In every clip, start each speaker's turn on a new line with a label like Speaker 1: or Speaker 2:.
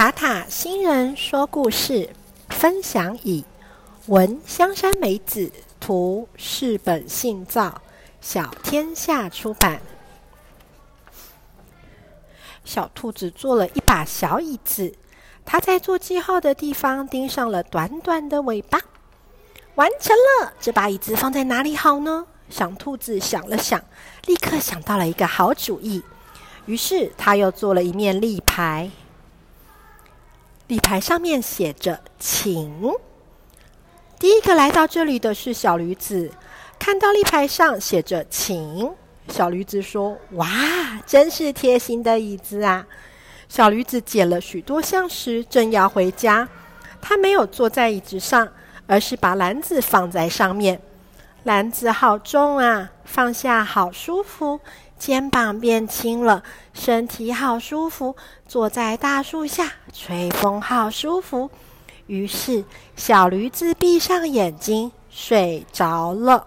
Speaker 1: 塔塔新人說故事，分享椅，文香山美子，圖柿本幸造，小天下出版。小兔子做了一把小椅子，他在做記號的地方釘上了短短的尾巴，完成了。這把椅子放在哪裡好呢？小兔子想了想，立刻想到了一個好主意，於是他又做了一面立牌。立牌上面寫着“請”。第一個來到這裡的是小驢子，看到立牌上寫着“請”，小驢子說：“哇，真是貼心的椅子啊！”小驢子撿了許多橡實，正要回家，他沒有坐在椅子上，而是把籃子放在上面。籃子好重啊！放下好舒服，肩膀變輕了，身體好舒服。坐在大樹下，吹風好舒服。於是小驢子閉上眼睛睡着了。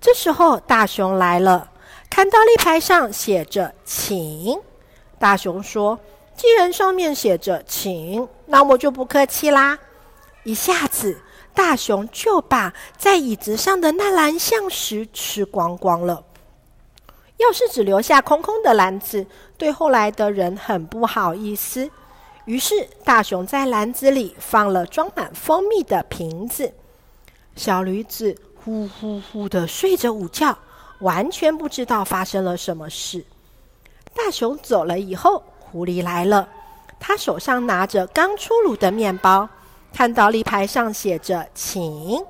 Speaker 1: 這時候大熊來了，看到立牌上寫着“請”，大熊說：“既然上面寫着請，那我就不客氣啦。”一下子。大熊就把在椅子上的那籃橡實吃光光了。要是只留下空空的籃子，對後來的人很不好意思。於是大熊在籃子裡放了裝滿蜂蜜的瓶子。小驢子呼呼呼的睡着午覺，完全不知道發生了什麼事。大熊走了以後，狐狸來了，他手上拿着剛出爐的麵包。看到立牌上寫着“請”，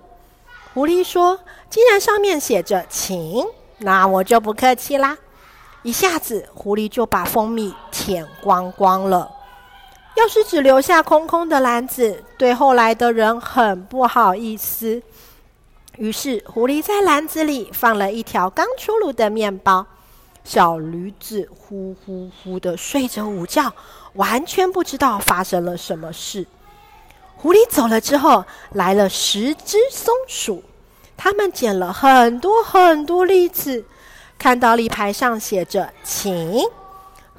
Speaker 1: 狐狸說：“既然上面寫着‘請’，那我就不客氣啦。”一下子，狐狸就把蜂蜜舔光光了。要是只留下空空的籃子，對後來的人很不好意思。於是，狐狸在籃子裡放了一條剛出爐的麵包。小驢子呼呼呼地睡着午覺，完全不知道發生了什麼事。狐狸走了之後，來了十隻松鼠，它們撿了很多很多栗子。看到立牌上寫着“請”，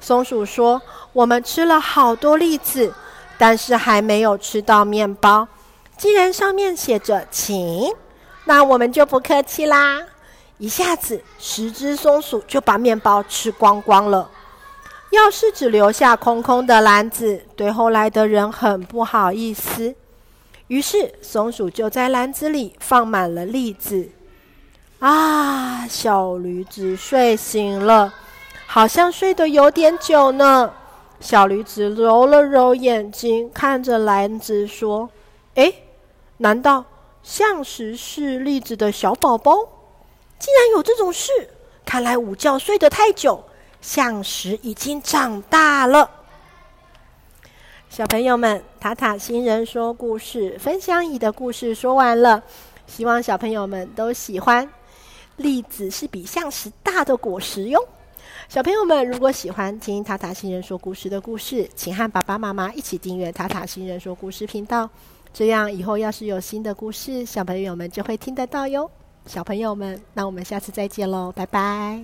Speaker 1: 松鼠說：“我們吃了好多栗子，但是還沒有吃到麵包。既然上面寫着‘請’，那我們就不客氣啦！”一下子，十隻松鼠就把麵包吃光光了。要是只留下空空的籃子，對後來的人很不好意思。於是，松鼠就在籃子裡放滿了栗子。啊，小驢子睡醒了，好像睡得有點久呢。小驢子揉了揉眼睛，看着籃子說：“誒，難道橡實是栗子的小寶寶？竟然有這種事！看來午覺睡得太久。”橡實已經長大了。小朋友們，塔塔星人說故事《分享椅》的故事說完了，希望小朋友們都喜歡。栗子是比橡實大的果實喲。小朋友們，如果喜歡聽塔塔星人說故事的故事，請和爸爸媽媽一起訂閱塔塔星人說故事頻道，這樣以後要是有新的故事，小朋友們就會聽得到喲。小朋友們，那我們下次再見嘍，拜拜。